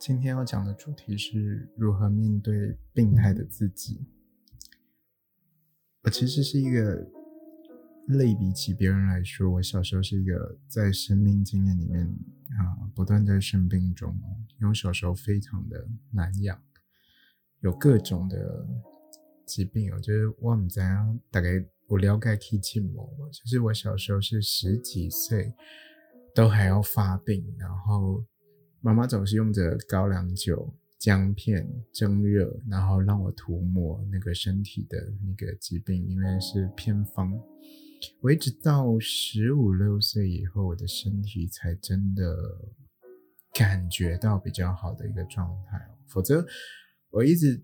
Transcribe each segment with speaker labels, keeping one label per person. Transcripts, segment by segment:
Speaker 1: 今天要講的主題是如何面對病態的自己。我其實是一個類比起別人來說，我小時候是一個在生命經驗裡面啊，不斷在生病中，因為我小時候非常的難養，有各種的疾病，我就是我們在大概我了解 Kitty。其實我小時候是十幾歲都還要發病，然後。媽媽總是用着高粱酒、薑片蒸熱，然後讓我塗抹那個身體的那個疾病，因為是偏方。我一直到十五六歲以後，我的身體才真的感覺到比較好的一個狀態。否則，我一直，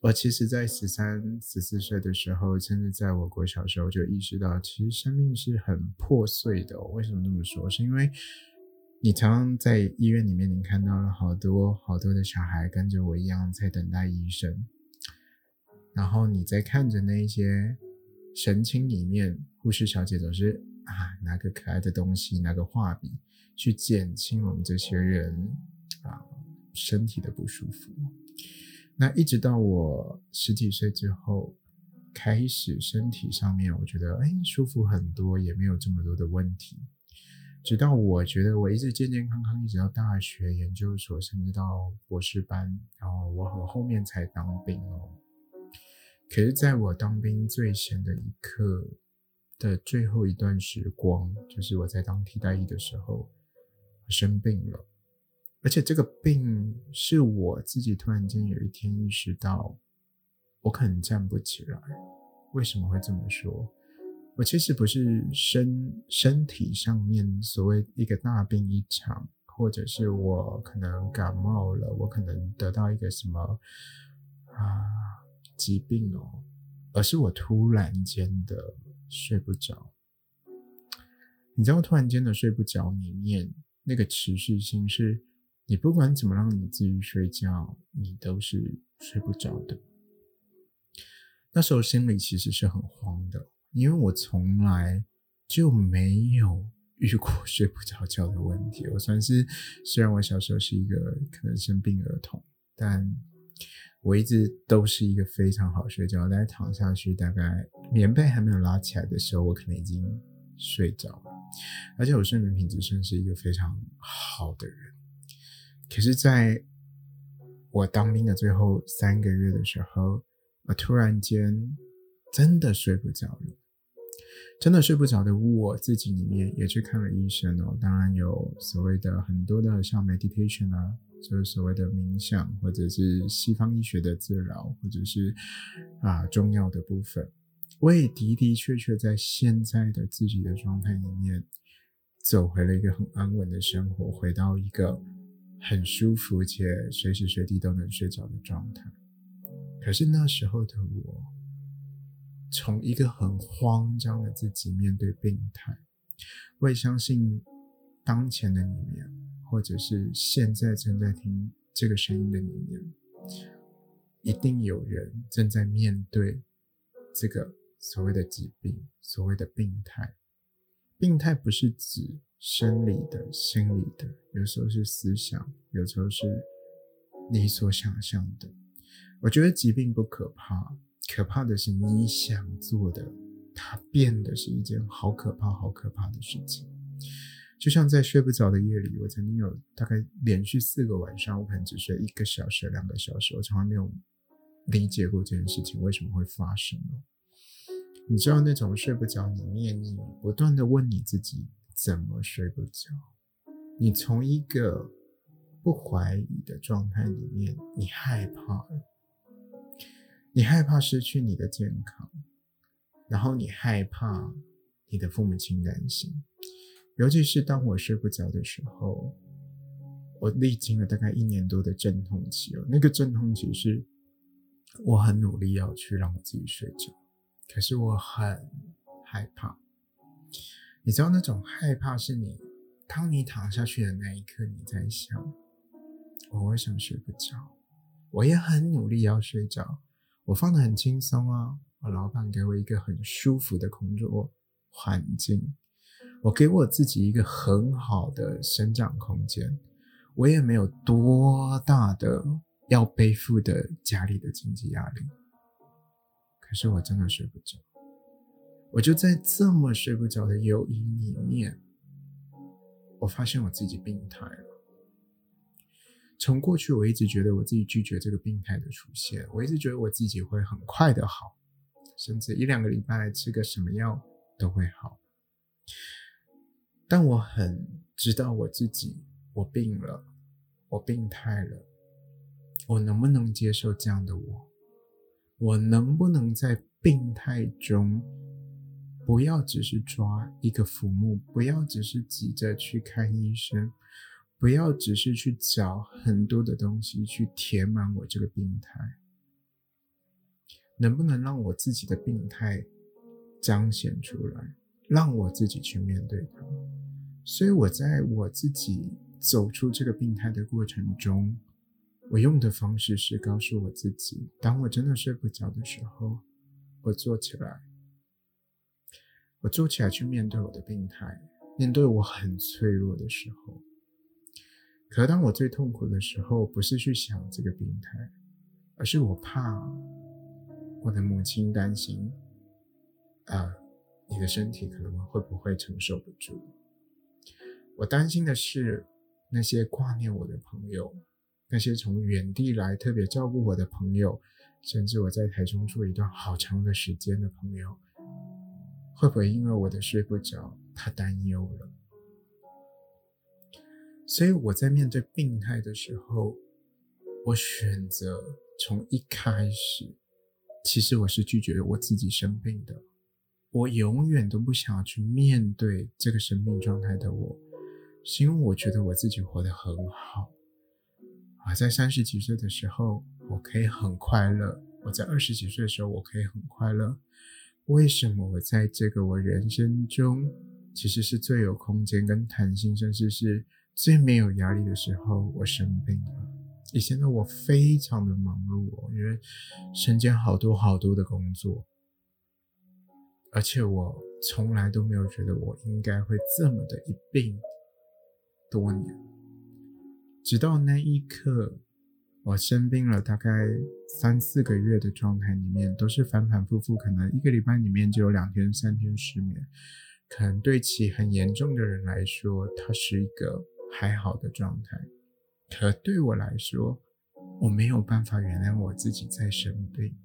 Speaker 1: 我其實在十三、十四歲的時候，甚至在我國小時候我就意識到，其實生命是很破碎的。我為什麼這麼說？是因為。你常常在醫院裡面，你看到了好多好多的小孩，跟着我一樣在等待醫生。然後你在看着那些神情裡面，護士小姐總是啊拿個可愛的東西，拿個畫筆去減輕我們這些人啊身體的不舒服。那一直到我十幾歲之後，開始身體上面，我覺得哎，欸，舒服很多，也沒有這麼多的問題。直到我覺得我一直健健康康，一直到大學、研究所，甚至到博士班，然後我很後面才當兵哦。可是，在我當兵最閒的一刻的最後一段時光，就是我在當替代役的時候，生病了，而且這個病是我自己突然間有一天意識到，我可能站不起來。為什麼會這麼說？我其實不是身身體上面，所謂一個大病一場，或者是我可能感冒了，我可能得到一個什麼啊疾病哦，而是我突然間的睡不着。你知道，突然間的睡不着，裡面那個持續性是你不管怎麼讓你自己睡覺，你都是睡不着的。那時候心裡其實是很慌的。因為我從來就沒有遇過睡不着覺的問題。我算是，雖然我小時候是一個可能生病兒童，但我一直都是一個非常好睡覺。在躺下去，大概棉被還沒有拉起來的時候，我可能已經睡着了。而且我睡眠品質算是一個非常好的人。可是，在我當兵的最後三個月的時候，我突然間真的睡不着了。真的睡不着的我自己，裡面也去看了醫生哦。當然，有所謂的很多的像 meditation 啊，就是所謂的冥想，或者是西方醫學的治療，或者是啊中藥的部分。我也的的確確在現在的自己的狀態裡面，走回了一個很安穩的生活，回到一個很舒服且隨時隨地都能睡着的狀態。可是那時候的我。從一個很慌張的自己面對病態，我也相信，當前的你或者是現在正在聽這個聲音的你，一定有人正在面對這個所謂的疾病，所謂的病態。病態不是指生理的、心理的，有時候是思想，有時候是你所想象的。我覺得疾病不可怕。可怕的是，你想做的，它變得是一件好可怕、好可怕的事情。就像在睡不着的夜裡，我曾經有大概連續四個晚上，我可能只睡一個小時、兩個小時，我從來沒有理解過這件事情為什麼會發生。你知道那種睡不着，你念你不斷的問你自己，怎麼睡不着？你從一個不懷疑的狀態裡面，你害怕了。你害怕失去你的健康，然後你害怕你的父母親擔心，尤其是當我睡不着的時候，我歷經了大概一年多的陣痛期哦。那個陣痛期是，
Speaker 2: 我
Speaker 1: 很努力要去讓自己睡覺，可是我很害怕。你知道那種害怕是你，當你躺下去的那一刻，你在想我為什麼睡不着？我也很努力要睡着。我放得很輕鬆啊，我老板給我一個很舒服的工作環境，我給我自己一個很好的生長空間，我也沒有多大的要背負的家裡的經濟壓力，可是我真的睡不着，我就在這麼睡不着的憂鬱裡面，我發現我自己病態了。從過去，我一直覺得我自己拒絕這個病態的出現。我一直覺得我自己會很快的好，甚至一兩個禮拜來吃個什麼藥都會好。但我很知道我自己，我病了，我病態了，我能不能接受這樣的我？我能不能在病態中，不要只是抓一個浮木，不要只是急着去看醫生？不要只是去找很多的東西去填滿我這個病態，能不能讓我自己的病態彰顯出來，讓我自己去面對它？所以，我在我自己走出這個病態的過程中，我用的方式是告訴我自己，當我真的睡不着的時候，我坐起來，我坐起來去面對我的病態，面對我很脆弱的時候。可當我最痛苦的時候，不是去想這個病態，而是我怕我的母親擔心，啊，你的身體可能會不會承受不住？我擔心的是那些掛念我的朋友，那些從遠地來特別照顧我的朋友，甚至我在台中住一段好長的時間的朋友，會不會因為我的睡不着，他擔憂了？所以我在面對病態的時候，我選擇從一開始，其實我是拒絕我自己生病的。我永遠都不想要去面對這個生病狀態的我，是因為我覺得我自己活得很好啊。在三十幾歲的時候，我可以很快樂；我在二十幾歲的時候，我可以很快樂。為什麼我在這個我人生中，其實是最有空間跟彈性，甚至是？最沒有壓力的時候，我生病了。以前的我非常的忙碌，因為身兼好多好多的工作，而且我從來都沒有覺得我應該會這麼的一病多年。直到那一刻，我生病了，大概三四個月的狀態裡面，都是反反复复，可能一個禮拜裡面就有兩天、三天失眠。可能對其很嚴重的人來說，它是一個。還好的狀態，可對我來說，我沒有辦法原諒我自己在生病，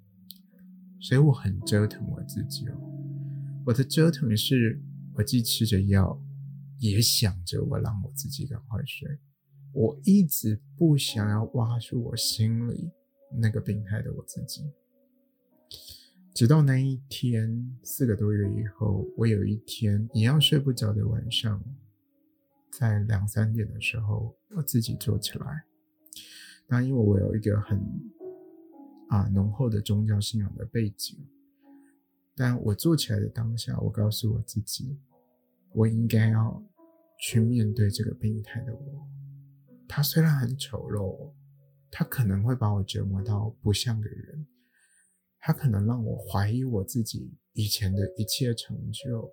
Speaker 1: 所以我很折騰我自己哦。我的折騰是，我既吃着藥，也想着我讓我自己趕快睡。我一直不想要挖出我心裡那個病態的我自己，直到那一天，四個多月以後，我有一天一樣睡不着的晚上。在兩三點的時候，我自己坐起來。那因為我有一個很啊濃厚的宗教信仰的背景，但我坐起來的當下，我告訴我自己，我應該要去面對這個病態的我。他雖然很醜陋，他可能會把我折磨到不像個人，他可能讓我懷疑我自己以前的一切成就，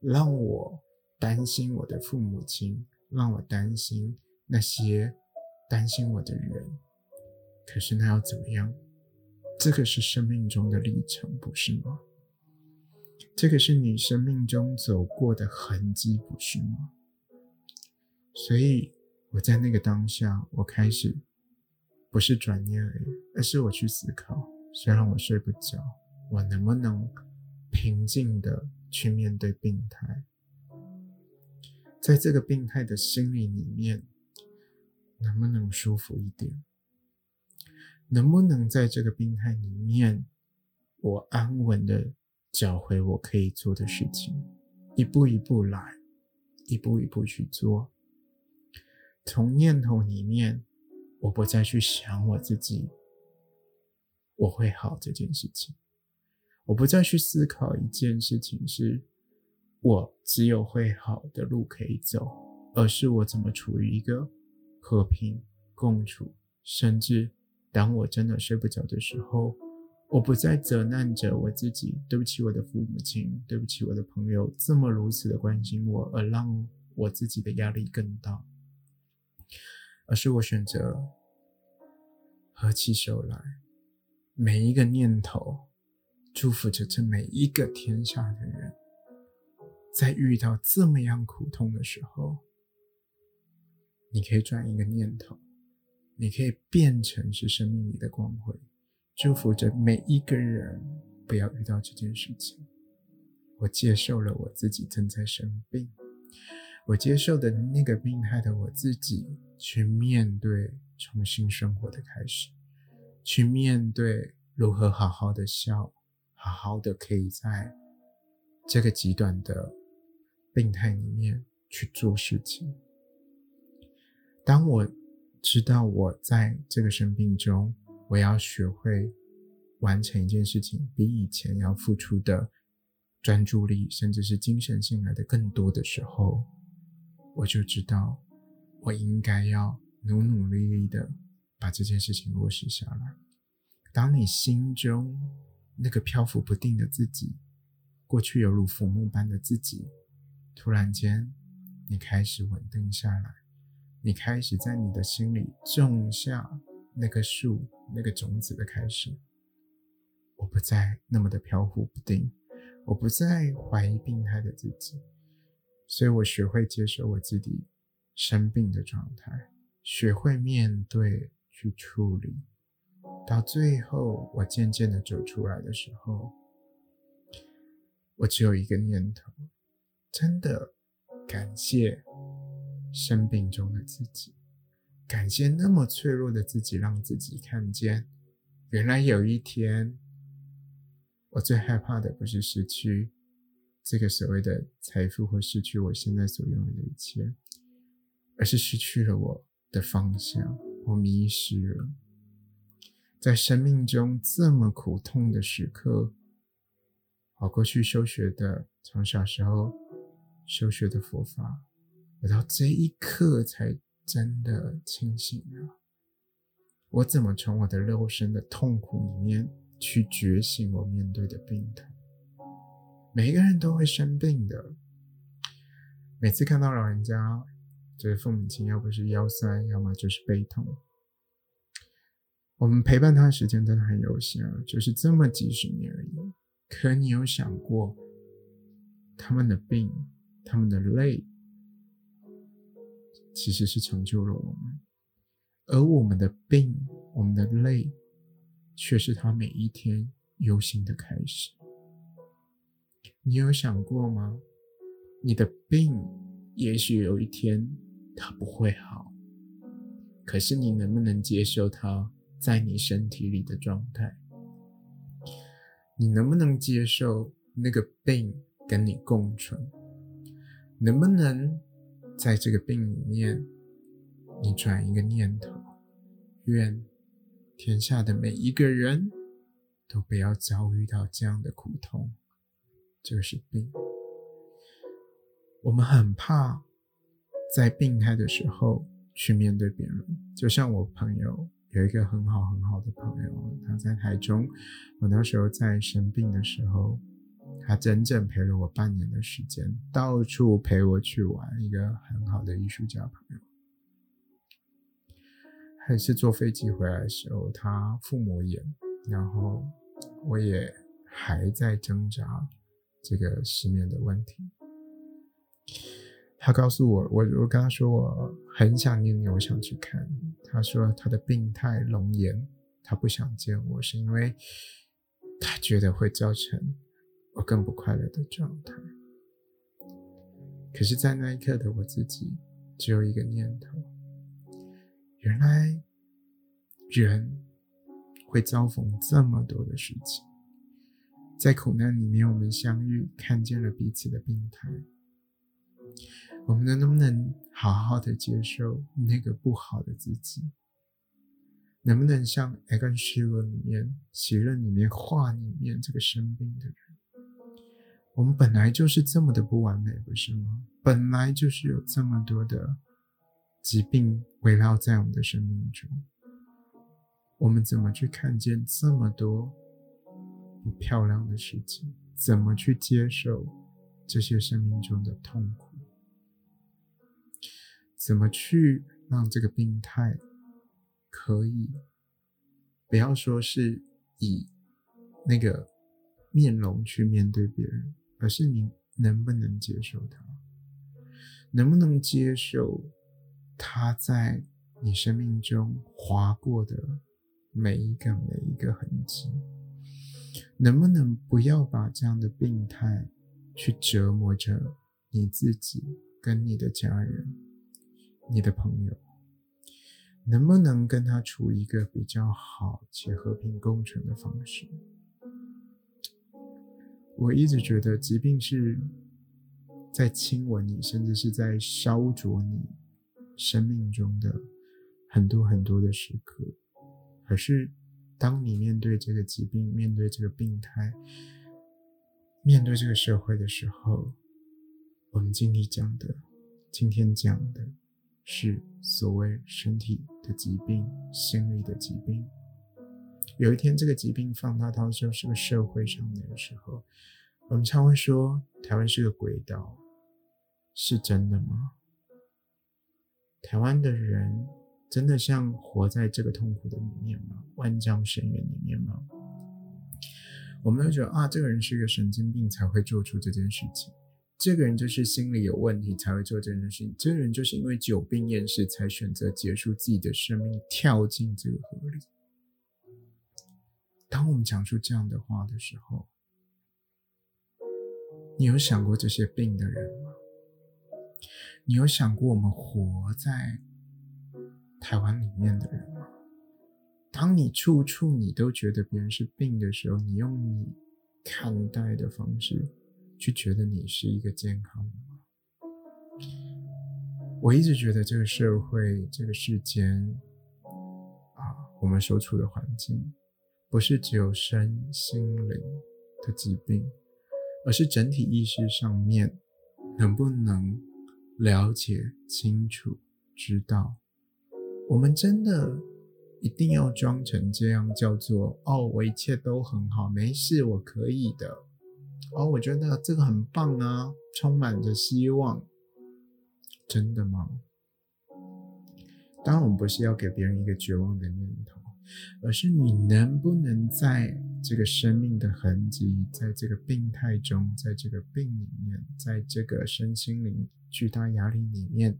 Speaker 1: 讓我。擔心我的父母親，讓我擔心那些擔心我的人。可是那要怎麼樣？這個是生命中的歷程，不是嗎？這個是你生命中走過的痕跡，不是嗎？所以我在那個當下，我開始不是轉念而已，而是我去思考，雖然我睡不着，我能不能平靜地去面對病態？在這個病態的心理裡面，能不能舒服一點？能不能在這個病態裡面，我安穩的找回我可以做的事情？一步一步來，一步一步去做。從念頭裡面，我不再去想我自己，我會好這件事情，我不再去思考一件事情是。我只有會好的路可以走，而是我怎麼處於一個和平共處，甚至當我真的睡不着的時候，我不再責難着我自己，對不起我的父母親，對不起我的朋友，這麼如此的關心我，而讓我自己的壓力更大，而是我選擇合起手來，每一個念頭，祝福着這每一個天下的人。在遇到這麼樣苦痛的時候，你可以轉一個念頭，你可以變成是生命裡的光輝，祝福着每一個人不要遇到這件事情。我接受了我自己正在生病，我接受的那個病態的我自己去面對重新生活的開始，去面對如何好好的笑，好好的可以在這個極短的。病態裡面去做事情。當我知道我在這個生病中，我要學會完成一件事情，比以前要付出的專注力，甚至是精神性來得更多的時候，我就知道我應該要努努力努力的把這件事情落實下來。當你心中那個漂浮不定的自己，過去猶如浮木般的自己。突然間，你開始穩定下來，你開始在你的心裡種下那棵樹，那個種子的開始。我不再那麼的飄忽不定，我不再懷疑病態的自己，所以我學會接受我自己生病的狀態，學會面對去處理。到最後，我漸漸的走出來的時候，我只有一個念頭。真的感謝生命中的自己，感謝那麼脆弱的自己，讓自己看見，原來有一天我最害怕的不是失去這個所謂的財富或失去我現在所擁有的一切，而是失去了我的方向，我迷失了。在生命中這麼苦痛的時刻，我過去休學的，從小時候。修學的佛法，我到這一刻才真的清醒了啊。我怎麼從我的肉身的痛苦裡面去覺醒？我面對的病態，每一個人都會生病的。每次看到老人家，就是父母親，要不是腰酸，要麼就是背痛。我們陪伴他的時間真的很有限啊，就是這麼幾十年而已。可你有想過他們的病？他們的累，其實是成就了我們，而我們的病，我們的累，卻是他每一天憂心的開始。你有想過嗎？你的病，也許有一天它不會好，可是你能不能接受它在你身體裡的狀態？你能不能接受那個病跟你共存？能不能在這個病裡面，你轉一個念頭，願天下的每一個人都不要遭遇到這樣的苦痛，就是病。我們很怕在病態的時候去面對別人，就像我朋友，有一個很好很好的朋友，他在台中，我那時候在生病的時候。他整整陪了我半年的時間，到處陪我去玩，一個很好的藝術家朋友。還是坐飛機回來的時候，他父母也，然後我也還在掙扎這個失眠的問題。他告訴我，我我跟他說我很想念你，我想去看你。他說他的病態容顏，他不想見我，是因為他覺得會造成。我更不快樂的狀態。可是，在那一刻的我自己，只有一個念頭：原來人會遭逢這麼多的事情，在苦難裡面，我們相遇，看見了彼此的病態。我們能不能好好的接受那個不好的自己？能不能像《埃貢席勒》裡面、《席勒》裡面、畫裡面這個生病的人？我們本來就是這麼的不完美，不是嗎？本來就是有這麼多的疾病圍繞在我們的生命中，我們怎麼去看見這麼多不漂亮的事情？怎麼去接受這些生命中的痛苦？怎麼去讓這個病態可以，不要說是以那個面容去面對別人。可是你能不能接受他，能不能接受他在你生命中劃過的每一個每一個痕跡，能不能不要把這樣的病態去折磨着你自己、跟你的家人、你的朋友，能不能跟他處一個比較好且和平共存的方式？我一直覺得疾病是在親吻你，甚至是在燒灼你生命中的很多很多的時刻。可是，當你面對這個疾病，面對這個病態，面對這個社會的時候，我們經歷講的，今天講的，是所謂身體的疾病、心理的疾病。有一天，這個疾病放大到時候是個社會上面的時候，我們常會說台灣是個鬼島，是真的嗎？台灣的人真的像活在這個痛苦的裡面嗎？萬丈深淵裡面嗎？我們都覺得啊，這個人是一個神經病才會做出這件事情，這個人就是心理有問題才會做這件事情，這個人就是因為久病厭世才選擇結束自己的生命，跳進這個河裡。當我們講出這樣的話的時候，你有想過這些病的人嗎？你有想過我們活在台灣裡面的人嗎？當你處處你都覺得別人是病的時候，你用你看待的方式去覺得你是一個健康的嗎？我一直覺得這個社會、這個世間啊，我們所處的環境。不是只有身心靈的疾病，而是整體意識上面能不能了解清楚、知道？我們真的一定要裝成這樣，叫做“哦，我一切都很好，沒事，我可以的”。哦，我覺得這個很棒啊，充滿着希望。真的嗎？當然，我們不是要給別人一個絕望的念頭。而是你能不能在這個生命的痕跡，在這個病態中，在這個病裡面，在這個身心靈巨大壓力裡面，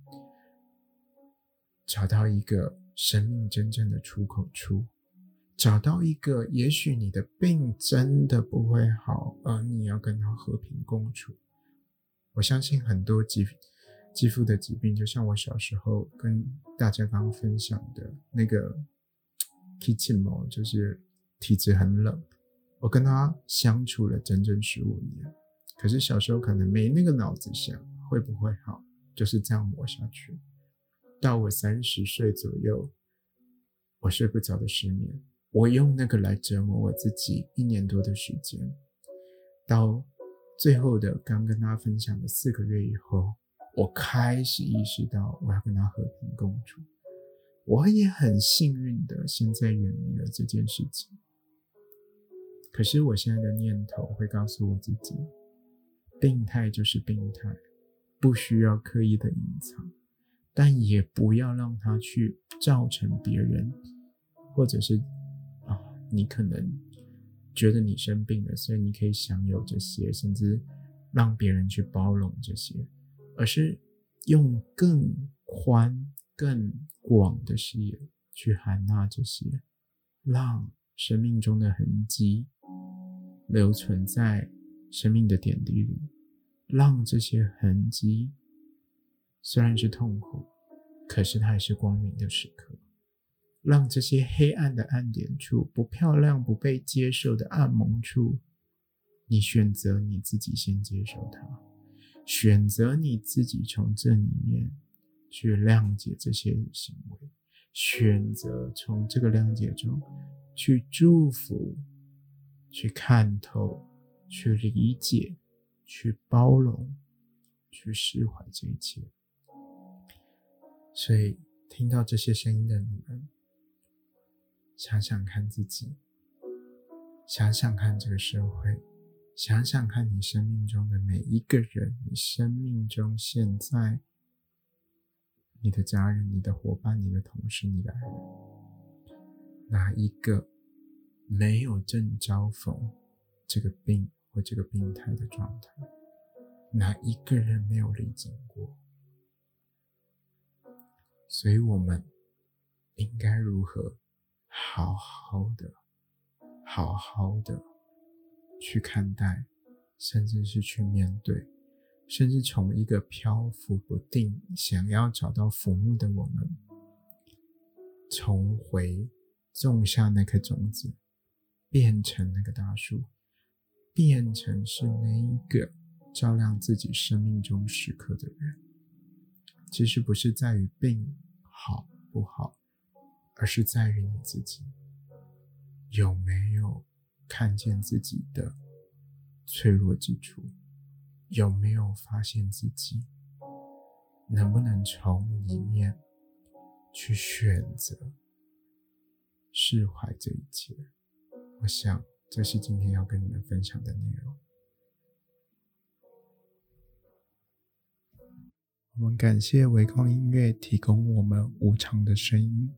Speaker 1: 找到一個生命真正的出口處，找到一個也許你的病真的不會好，而你要跟他和平共處。我相信很多肌膚的疾病，就像我小時候跟大家剛剛分享的那個。k i t t m 就是體質很冷，我跟他相處了整整十五年，可是小時候可能沒那個腦子想，會不會好，就是這樣磨下去。到我三十歲左右，我睡不着的失眠，我用那個來折磨我自己一年多的時間，到最後的剛跟他分享的四個月以後，我開始意識到我要跟他和平共處。我也很幸運的，現在遠離了這件事情。可是我現在的念頭會告訴我自己，病態就是病態，不需要刻意的隱藏，但也不要讓它去造成別人，或者是啊、哦，你可能覺得你生病了，所以你可以享有這些，甚至讓別人去包容這些，而是用更寬、更……廣的視野去涵納這些，讓生命中的痕跡留存在生命的點滴裡，讓這些痕跡雖然是痛苦，可是它還是光明的時刻。讓這些黑暗的暗點處、不漂亮、不被接受的暗蒙處，你選擇你自己先接受它，選擇你自己從這裡面。去諒解這些行為，選擇從這個諒解中去祝福，去看透，去理解，去包容，去釋懷這一切。所以，聽到這些聲音的你們，想想看自己，想想看這個社會，想想看你生命中的每一個人，你生命中現在。你的家人、你的夥伴、你的同事、你的愛人，哪一個沒有正遭逢這個病或這個病態的狀態？哪一個人沒有歷經過？所以，我們應該如何好好的、好好的去看待，甚至是去面對？甚至從一個漂浮不定、想要找到浮木的我們，重回種下那顆種子，變成那個大樹，變成是那一個照亮自己生命中時刻的人。其實不是在於病好不好，而是在於你自己有沒有看見自己的脆弱之處。有沒有發現自己？能不能從裡面去選擇釋懷這一切？我想，這是今天要跟你們分享的內容。我們感謝唯光音樂提供我們無常的聲音。